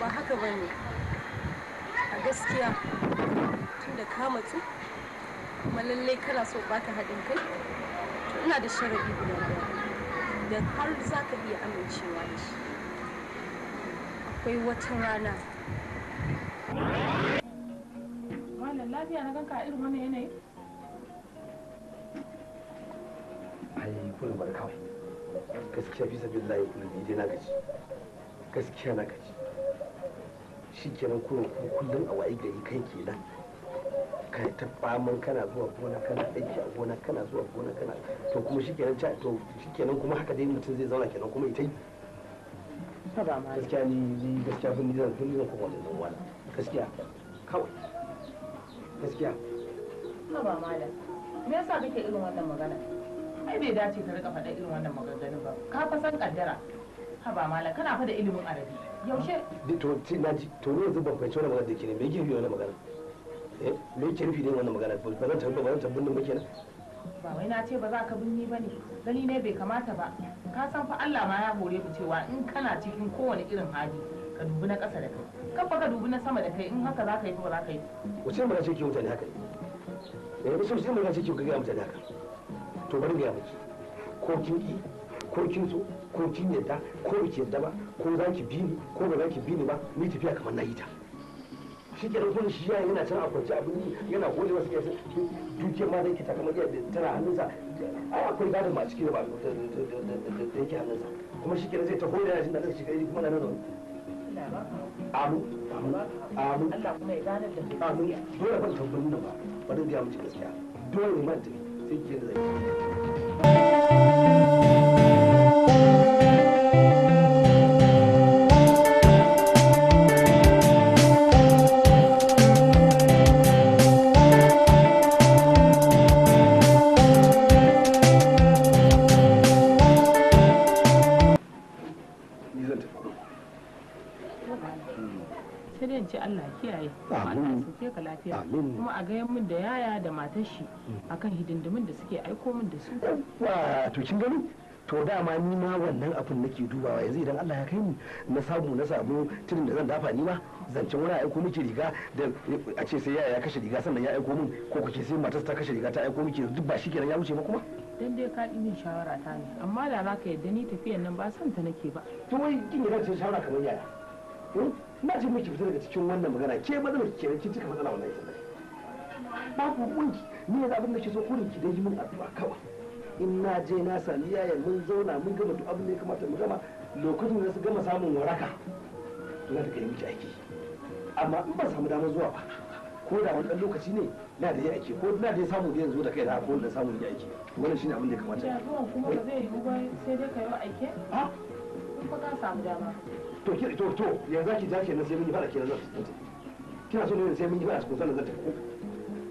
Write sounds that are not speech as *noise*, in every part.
ba haka ba ne a gaskiya tun da ka matsu kuma lallai kana so baka haɗin kai to ina da sharaɗi guda ɗaya da har za ka iya amincewa da shi akwai wata rana wannan lafiya na ganka a irin wannan yanayi ai kuna barkawa gaskiya bisa billahi kullum ni dai na gaji gaskiya na gaji shi kenan kuma kullum a wayi gari kai kenan ka ta faman kana zuwa gona kana aiki a gona kana zuwa gona kana to kuma shi kenan to shi kenan kuma haka dai mutum zai zauna kenan kuma ita yi gaskiya ni ni gaskiya sun nizan sun nizan kuma wannan wala gaskiya kawai gaskiya na ba malam me yasa kake irin wannan magana ai bai dace ka rika faɗa irin wannan maganganun ba ka fa san kaddara haba malam kana fa da ilimin arabi yaushe to na ji to ne yanzu ban fahimci wannan magana da ke ne me yake nufi wannan magana eh me yake nufi da wannan magana ba zan tabbata ba zan tabbata ba kenan ba wai na ce ba za ka binni ba ne gani ne bai kamata ba ka san fa Allah ma ya hore mu cewa in kana cikin kowane irin hali ka dubi na ƙasa da kai kafa ka dubi na sama da kai in haka za ka yi ba za ka yi wace magana ce ke mutane haka ne ba sai magana ce ke ga mutane haka to bari ga miki ko kin ki ko kin so ko kin yadda ko ba ki yadda ba ko za ki bi ni ko ba za ki bi ni ba ni tafiya kamar na yi ta shi ke rufin shi yayin yana can a kwanci abin ni yana gode wasu kyasa dukiyar ma zai ta kamar yadda tana hannunsa ai akwai gadon ma ciki da ba da yake hannunsa kuma shi ke zai ta hoda yana jin daɗin shi kai kuma na nan amu amu amu dole ban tambayin nan ba bari da ya mutu gaskiya dole ne man sai ke zai Mm. kuma a gayan min da yaya da matar shi mm. akan hidindimin da suke aiko min da su ah, to kin gani to dama ni ma wannan abin nake dubawa yanzu idan Allah ya kai ni na samu na samu tirin da zan dafa ni ma zancen wani aiko miki riga da a ce sai yaya ya kashe riga sannan ya aiko min ko kace sai matar ta kashe riga ta aiko miki duk ba shikenan ya wuce ba kuma dan dai ka min shawara ta ne amma da za ka yadda ni tafiyan nan ba san ta nake ba to wai kin yadda ce shawara kamar yaya hmm? na ce miki fita daga cikin wannan magana ke matsalar ke kin cika matsala wannan babu kunki ni yanzu abin da ke so kurin ki dai yi min addu'a kawai in na je na sami yaya mun zauna mun gama duk abin da ya kamata mu gama lokacin da su gama samun waraka na da kai miki aiki amma in ba samu damar zuwa ba ko da wani dan lokaci ne na da yi aiki ko na da samu da yanzu da kai da ko da samu da aiki wannan shine abin da ya kamata ya kuma ba zai yi ba sai dai kai aiki ha ba ka samu dama to ki to to yanzu ki ja na sai mun yi fara kenan zan kina so ne sai mun yi fara ko sanan zan tafi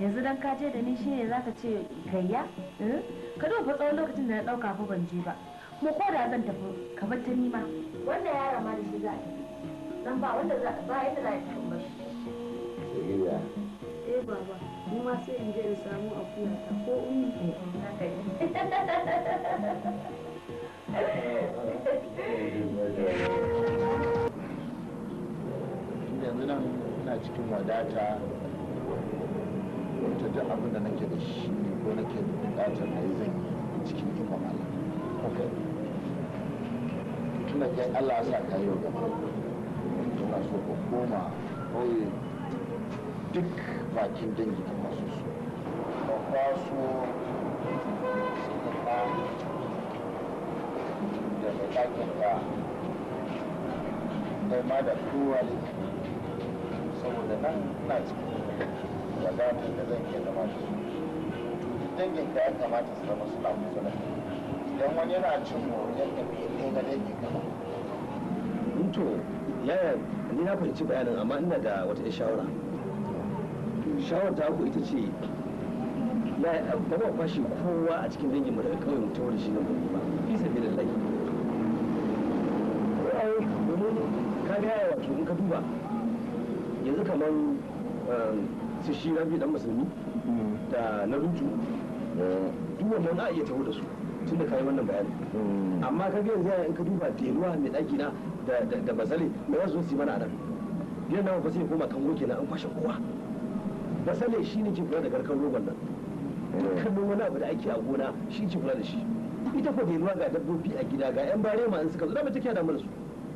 yanzu dan kaje da ni shine zaka ce gayya eh? ka duba tsawon lokacin da na dauka fa ban je ba kuma ko da zan tafi ka bar ta nima wanda ya rama da shi za a yi dan ba wanda za ba yadda za a tafi ba shi eh baba mu ma sai in je in samu akuya ta ko ummi eh, ko yanzu kai ina cikin wadata ta da abin da nake da shi ko nake da bukatar na yi zan yi cikin ikon Allah Tun da kai Allah ya sa ka yi wa to na so ko koma kawai duk bakin dangi da masu so ka kwaso da mai ka da ma da kowa saboda nan na cikin ya gane da zan iya zama da dangin ka ya kamata su zama suna kusa da idan wani yana cin moriyar da bai ɗaya na dangi kama. to yaya ni na fahimci bayanin amma ina da wata shawara shawar ta ku ita ce ya ba ba fashi kowa a cikin dangin mu daga kauyen mutum da shi na gobe ba fi sabi da lai ka gaya wato in ka duba yanzu kamar um, sai shi rabi dan musulmi mm. da na rutu duk wannan a iya taho da su tun da kayi wannan bayani mm. amma ka ga yanzu in ka duba deluwa mai daki na da basale me za su zo su mana nan gidan nawa ba sai koma kango kenan an kwashe kowa basale shi ne ke kula da garkan rogon nan dukkanin wani abu da ake a gona shi ke kula da shi ita ko deluwa ga dabbobi a gida ga yan barema in suka zo da ba take da su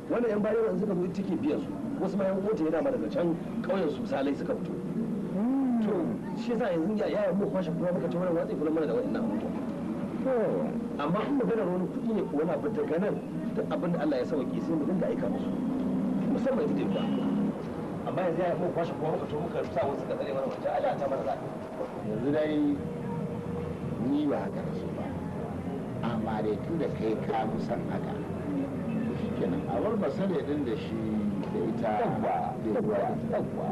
wannan yan barema in suka zo ita take biyan su wasu ma yan kota yana ma daga can ƙauyen su salai suka fito shi yasa yanzu ya yaya mu kwashe kuma muka ci wannan watsi fulan mana da wa'annan abubuwa amma in maganar wani kuɗi ne kuwa wani abu daga nan duk abin da Allah ya sauke sai mu da aika musu musamman ita ba amma yanzu ya mu kwashe kuma muka to muka sa wasu ka tsare mana wajen Allah ta mana zaɓi yanzu dai ni ba haka so ba amma dai tun da kai ka musan haka kenan a bar basare din da shi da ita da ruwa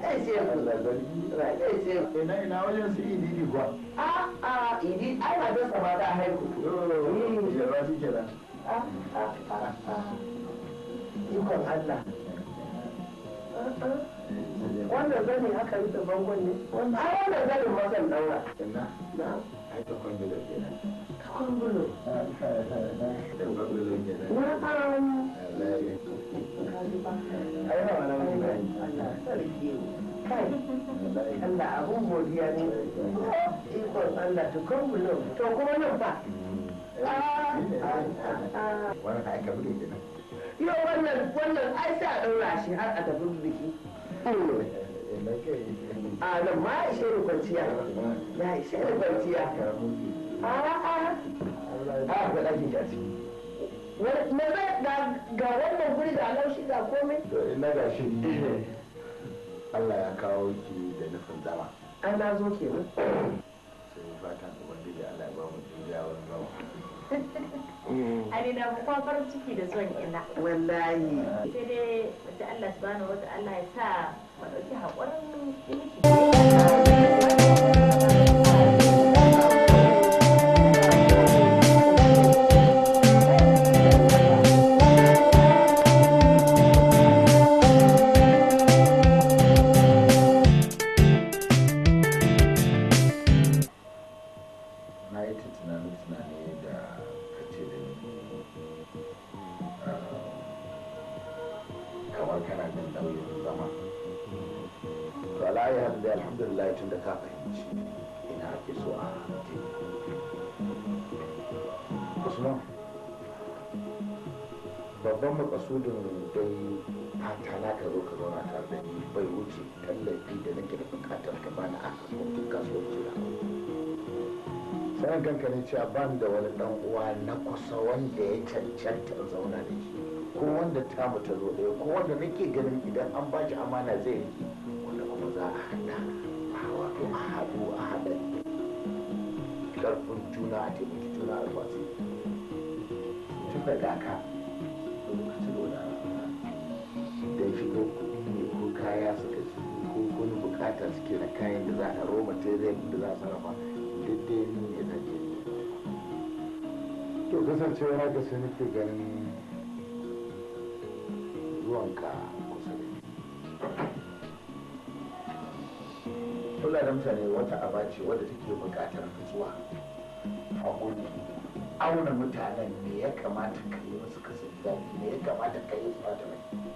kai ce mu ina ina wajen su idi di kuwa a a idi ai ba dasa ba ta haihu jira shi kenan ikon Allah wannan haka aka rufe bangon ne a wannan zanin masan daura ina na ai ta kwambulo kenan ta kwambulo na um ai ba wani wani Allah abun godiya ne ikon Allah tukun to kuma mm. nan ba wani ka aika yo wannan wannan ai sai a daura shi har a tafi biki a nan ma ya ishe kwanciya ya ishe kwanciya a a a me ga wannan guri da laushi ga komai na gashi Allah ya kawo ki da nufin zama an na zo ke nan sai fatan ubangiji Allah ya ba mu jawon zama *laughs* Ani na ku kwan farin ciki da zuwan ina. Wallahi. Sai dai wata Allah subhanahu wa ta'ala ya sa mu ɗauki haƙurin tunani-tunani da kace da ah, kamar kana jin nauyin zama to alayi har da alhamdulillah tun da ka fahimci ina ake so a hanke usman babban makasudin dai fata na ka zo ka zauna tare da ni bai wuce tallafi da nake da bukatar ka bani a kasuwancin kasuwancin an kanka ne cewa ban da wani dan uwa na kusa wanda ya cancanta zauna da shi ko wanda ta mutu zo ɗaya ko wanda nake ganin idan an ba shi amana zai yi. wanda kuma za a hada a wato a haɗu a haɗa karfin juna a taimaki juna a kwasi tun da daka lokacin da wani da shigo kuɗi ne ko kaya suka ko wani bukata suke na kayan da za a roma ta da za a sarrafa daidai ne na daidai to kasancewa haka sai nake ganin zuwanka kusa da kula da mutane wata aba ce wadda take buƙatar zuwa a gudu auna mutanen ne ya kamata ka yi wasu ka daɗi me ya kamata ka yi ba da mai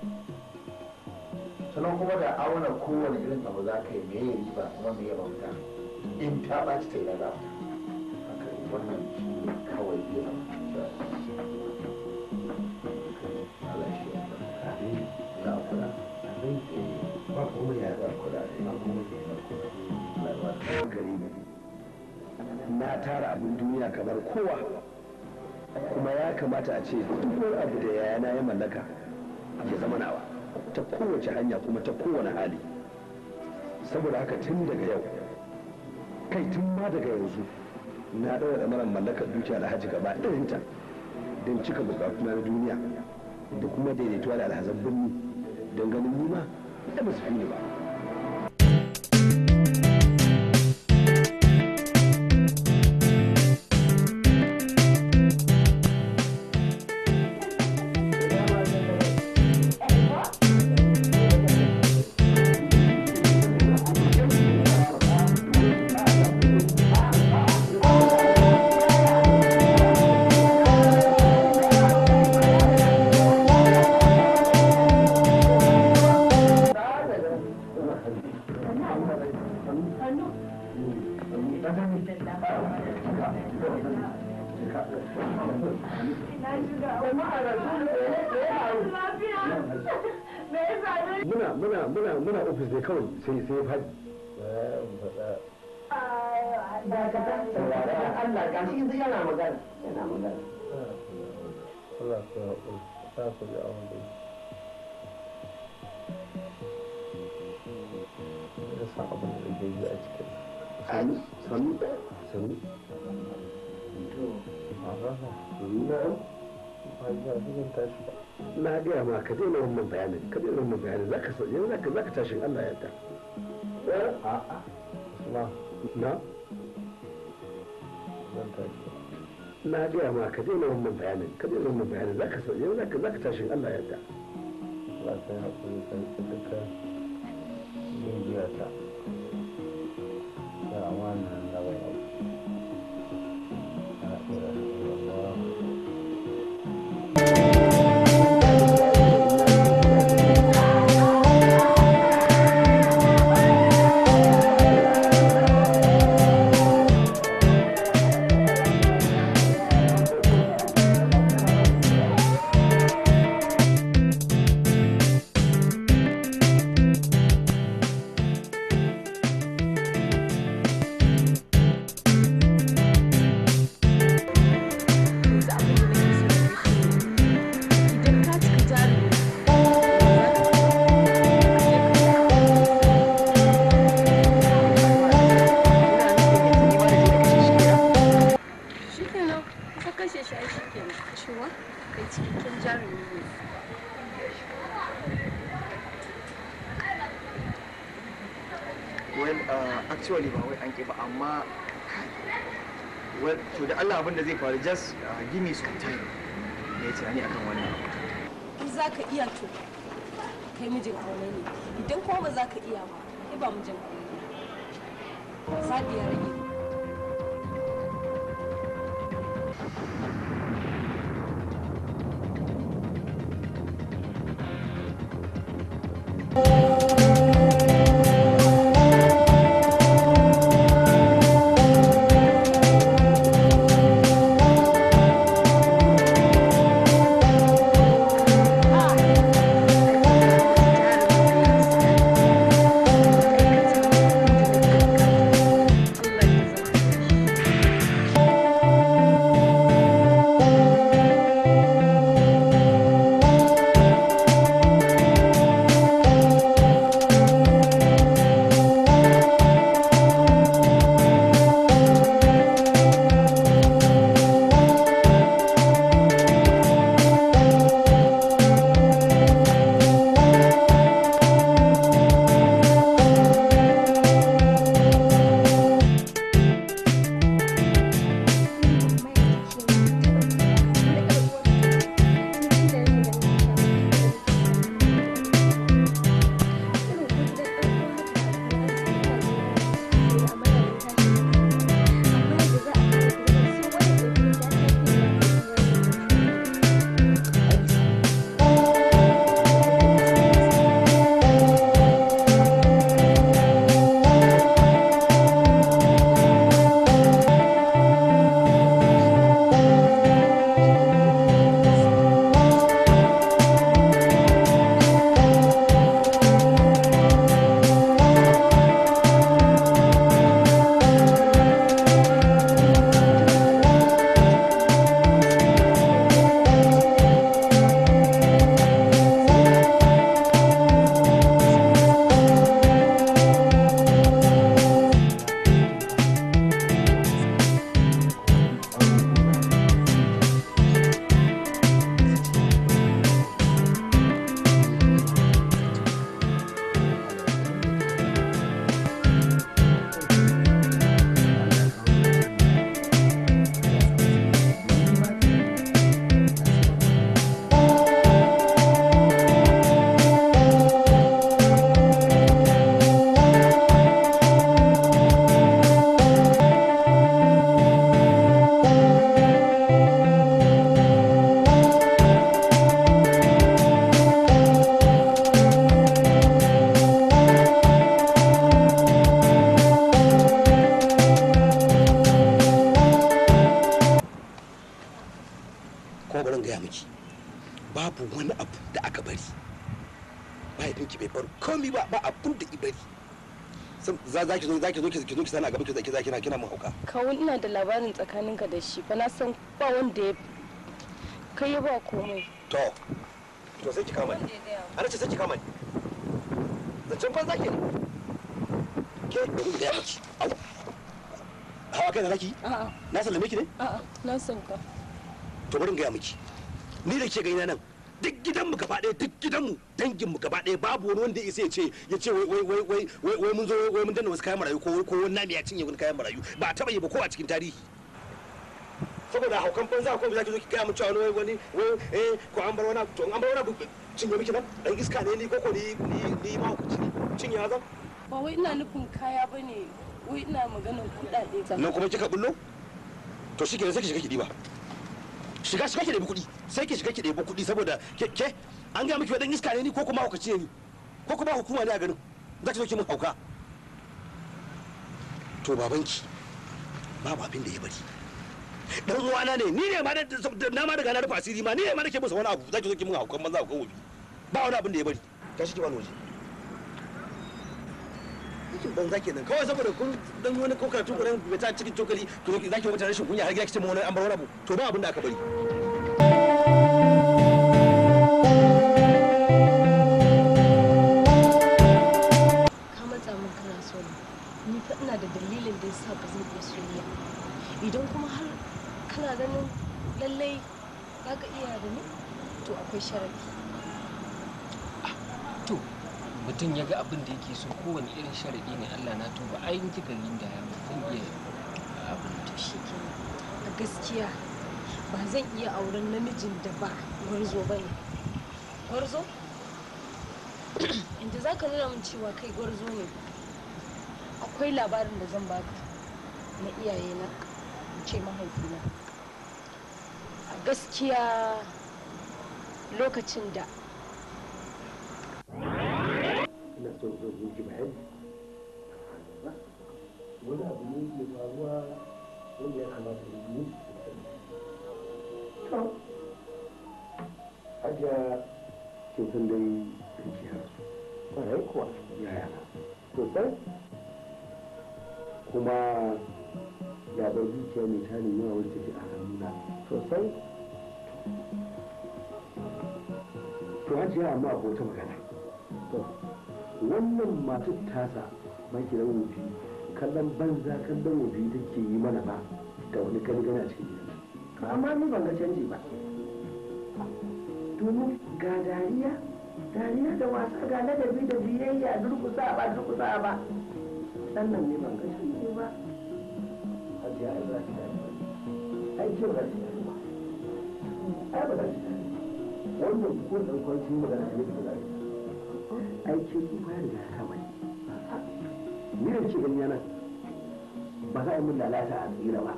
sannan kuma da auna kowane irin abu za ka yi me ya ba kuma me ya bauta in ta ɓaci ta yana haka wannan shi kawai yana eh. na tara abin duniya kamar kowa kuma ya kamata a ce duk abu da yayana ya mallaka ya zama nawa ta kowace hanya kuma ta kowane hali saboda haka tun daga yau kai tun ma daga yanzu na ɗaura ɗamarar mallakar dukiya da hajji gaba ɗayanta don cika bukatu na duniya da kuma daidaituwa da alhazan birni don ganin nima da ba su fi ba تاكل يا ربي صعب جياتك سمي سمي سمي نعم ما دي ما كثير منهم بيعمل كثير منهم بيعمل ذاك ذاك ذاك تاشي الله يهدى اه اه نعم na gaya ma ka daina wannan bayanin ka daina wannan bayanin za ka sauye za ka za ka tashin Allah yadda ba sai hakuri sai ka duka yin ta well uh, actually ba wai an ba amma well to da Allah abin da zai faru just uh, give me some time me tunani akan wannan in zaka iya to kai mijin aure ne idan kuma ba zaka iya ba kai ba mijin aure ne sabiya rage miki babu wani abu da aka bari mahaifinki bai bar komi ba ba abun da ibari za za ki zo za ki zo ki zo ki sana gaba ki zaki zaki na kina mun hauka kawun ina da labarin tsakaninka da shi fa na san ba wanda ya kai ba komai to to sai ki kama ni ana ce sai ki kama ni zancen fa zaki ke da ku da miki au hawa kai da zaki a'a na sallame ki ne a'a na san ka to bari in ga miki ni da ke gaina nan duk gidanmu gaba ɗaya duk gidanmu danginmu gaba ɗaya babu wani wanda ya ce ya ce wai wai wai wai wai wai mun zo wai mun danna wasu kayan marayu ko ko wani nami ya cinye wani kayan marayu ba a taɓa yi ba ko a cikin tarihi saboda haukan banza ko za ki zo ki kai mu cewa wani wani wai eh ko an bar wani to an bar wani cinye miki nan dan iska ne ni ko ko ni ni ma ku cinye azan ba wai ina nufin kaya bane wai ina maganar kuɗaɗe nan kuma kika bullo to shikenan sai ki shiga ki diba shiga shiga ki da kuɗi sai ki shiga ki da kuɗi saboda ke an gaya miki wadan iska ne ni ko kuma hukunci ne ni ko kuma hukuma ne a garin za ki zo ki mun hauka to babanki babu abin da ya bari dan uwana ne ni ne ma na ma daga na rufa asiri ma ni ne ma nake musu wani abu za ki zo ki mun haukan banza haukan wobi ba wani abin da ya bari tashi ki wani waje aikin banza kenan kawai saboda kun dan wani kokar tukurin bai ta cikin tokali to zaki wata rashin kunya har gida kice mu wani an bar wani abu to ba abin da aka bari ka matsa min kana so ni fa ina da dalilin da yasa ba zan iya soyayya idan kuma har kana ganin lallai za ka iya da ni to akwai sharadi mutum ya ga abin da yake so kowane irin sharaɗi ne allah na tuba ayin kika da ya zan iya abin da shi a gaskiya ba zan iya auren namijin da ba gwarzo ba ne gwarzo inda za ka nuna min cewa kai gwarzo ne akwai labarin da zan baka na iyaye na ce mahaifina a gaskiya lokacin da ina son zan miki bayani wani abu ne ke faruwa wanda ya kamata ya yi to hajiya kin san dai rikiya kwarai kuwa yaya sosai kuma ya bar zuciya mai tarin yawa wacce take a hannuna sosai to hajiya amma akwai wata magana wannan masu tasa makirar da wofi kallon banza kallon wofi take yi mana ba da wani gani a cikin gidan amma ni ban ga canji ba domin ga dariya dariya da wasa ga ladabi da biyayya durkusa ba durkusa ba sannan ne ban ga canji ba hajiya ai ba ta ai ce ba ta ai ba ta wannan ko dan kwanci magana ne da aiki ba riga ta bane ni da ce gani nan ba za a yi lalata a tsira ba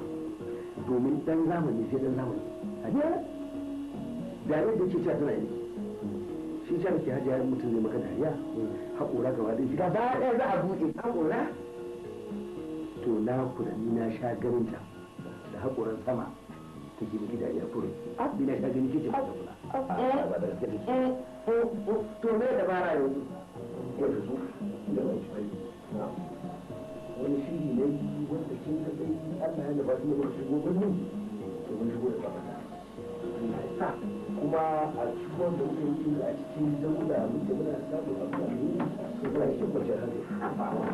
domin dan zamani sai dan zamani a biya dariya da ke cewa tana yi shi cewa ke hajiya mutum ne maka dariya haƙora gaba da shi gaba ɗaya za a buɗe haƙora to na kudani na sha ganin da haƙoran sama ta ke gida furu bi ba da to me da bara yanzu su da shi wani ne wanda kin ga dai Allah ya ne shigo to shigo da ba kuma a cikin da yi a cikin zauna muke muna samun amfani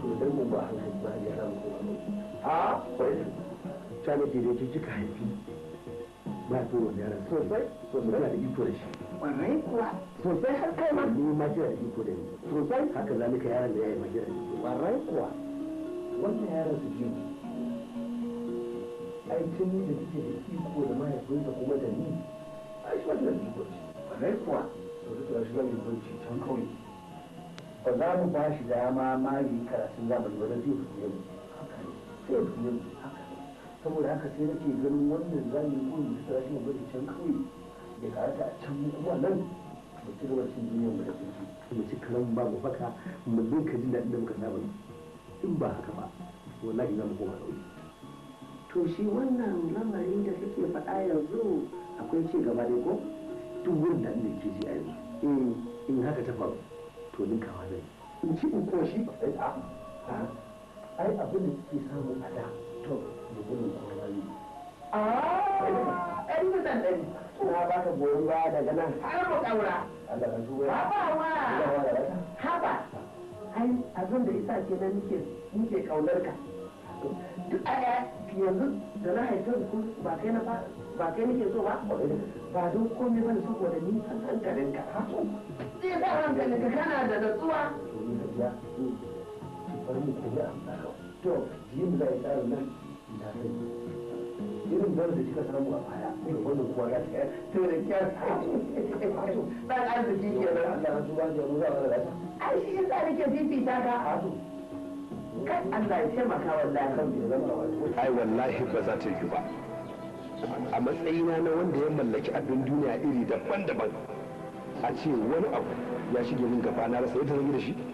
to to dan mu ba hankali ba ya samu shana ke da jijjika haifi ba to wani yaran sosai sosai da iko da shi ƙwarai kuwa sosai har kai ma ni ma kira da iko da ni sosai haka zalika yaran da ya yi ma kira da iko ƙwarai kuwa wannan yaran su ji ai tun ni da kike da iko da mahaifinsa kuma da ni ai shi wannan iko da shi ƙwarai kuwa to duk da shi zan yi bacci can kawai ba za mu ba shi dama ma yi karatun zamani ba zai fi mu sai fi mu saboda haka sai nake ganin wannan yi kuma da sarashi mu bari can kawai ya karata a can mu kuma nan mu ci gaba cin duniyar mu da cikin mu ci karan ba mu baka mu dinka jin daɗin da muka saba in ba haka ba wallahi za mu koma kauye to shi wannan lamarin da kake faɗa yanzu akwai ci gaba ne ko duk wurin da ke ji a yanzu eh. in haka ta faru to ninkawa zai in ci in shi ba sai eh, a ai abin da kike samu a da to da ɗan ɗari. Na ba ka goyon baya daga nan. Har ƙaura. Allah ka wa. Haba. da isa ke nan ƙaunar ka. Duk a yanzu da na haifar ba kai na ba kai so ba. Ba don komai saboda ni san hankalin ka. Zai sa hankalin ka kana da natsuwa. To ni ka biya. Bari mu To, zai tsara nan irin dole da kika samu a baya irin da kuwa ya ta to da kyar dan arziki ke nan Allah ya tuba da mu za mu rasa ai shi yasa nake fifita ka kan Allah ya taimaka wallahi kan bai zama wato ai wallahi ba za ta yi ba a matsayina na wanda ya mallaki abin duniya iri daban-daban a ce wani abu ya shige min gaba na rasa yadda zan yi da shi